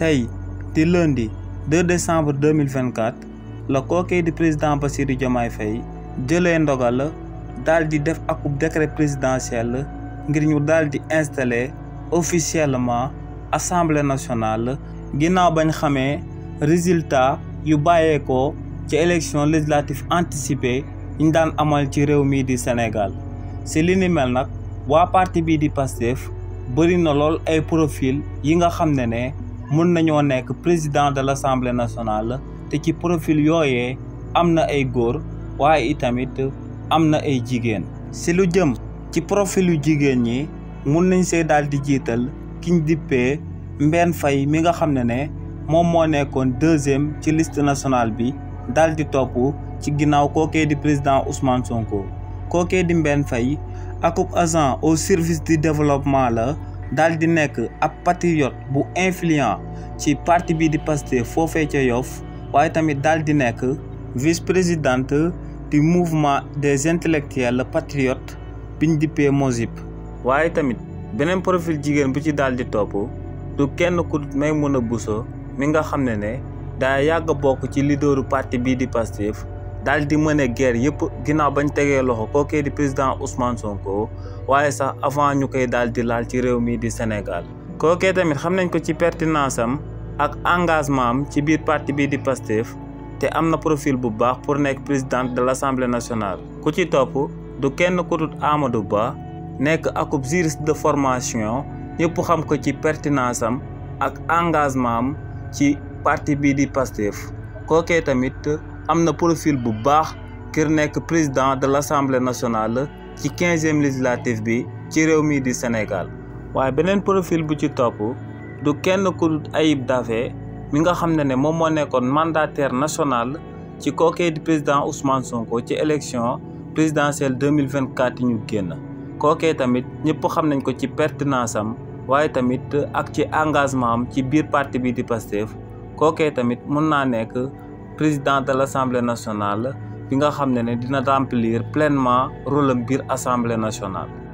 tey di lundi 2 décembre 2024 le coquet du président Bassirou Diomaye Faye jëlee ndogal daal di def akub décret présidentiel ngir ñu daal installer officiellement assemblée nationale ginnaaw bañ xamee résultat yu bàyyeekoo ci élection législative anticipée ñu daan amal ci réew di Sénégal si li ni mel nag waa parti bii di Pastef bëri na ay profil yi nga mun nañoo nekk président de l'Assemblée nationale te ci profil yooyee am na ay góor waaye itamit am na ay jigéen si lu jëm ci profilu jigéen ñi mun nañ se daal di jiital kiñ dippee mbenn fay mi nga xam ne ne moom moo nekkoon deuxième ci liste nationale bi daal di topp ci ginnaaw kookee di président Ousmane Sonko kookee di Mbène Faye akub agent au service di développement la daal di nekk ab patriote bu influent ci parti bii di Pastef foofee ca Yoff waaye tamit daal di nekk vice-présidente du mouvement des intellectuels patriotes biñ dippee MOSIP waaye tamit beneen profil jigéen bu ci daal di topp du kenn ku Maimouna Bousso mi nga xam ne ne daa yàgg bokk ci leaderu parti bii di Pastef daal di mën a guerre yëpp ginnaaw bañ tegee loxo kookee di président Ousmane Sonko waaye sax avant ñu koy daal di laal ci réew mii di Sénégal kookee tamit xam nañ ko ci pertinence am ak engagement am ci biir parti bii di Pastef te am na profil bu baax pour nekk présidente de l'Assemblée nationale ku ci topp du kenn ku dul Ba nekk akub juriste de formation ñëpp xam ko ci pertinence am ak engagement am ci partie bii di Pastef kookee tamit am na profil bu baax kër nekk président de l'Assemblée nationale ci quinzième législative bi ci réew mi di Sénégal waaye beneen profil bu ci topp du kenn ku dut Ayib Daffé mi nga xam ne ne moom moo nekkoon mandataire national ci kookee di président Ousmane Sonko ci élection présidentielle 2024 yi ñu génn kookee tamit ñëpp xam nañ ko ci pertinence am waaye tamit ak ci engagement am ci biir parti bi di Pastef kookee tamit mun naa nekk président de l'Assemblée nationale bi nga xam ne ne dina remplir pleinement rôle am biir Assemblée nationale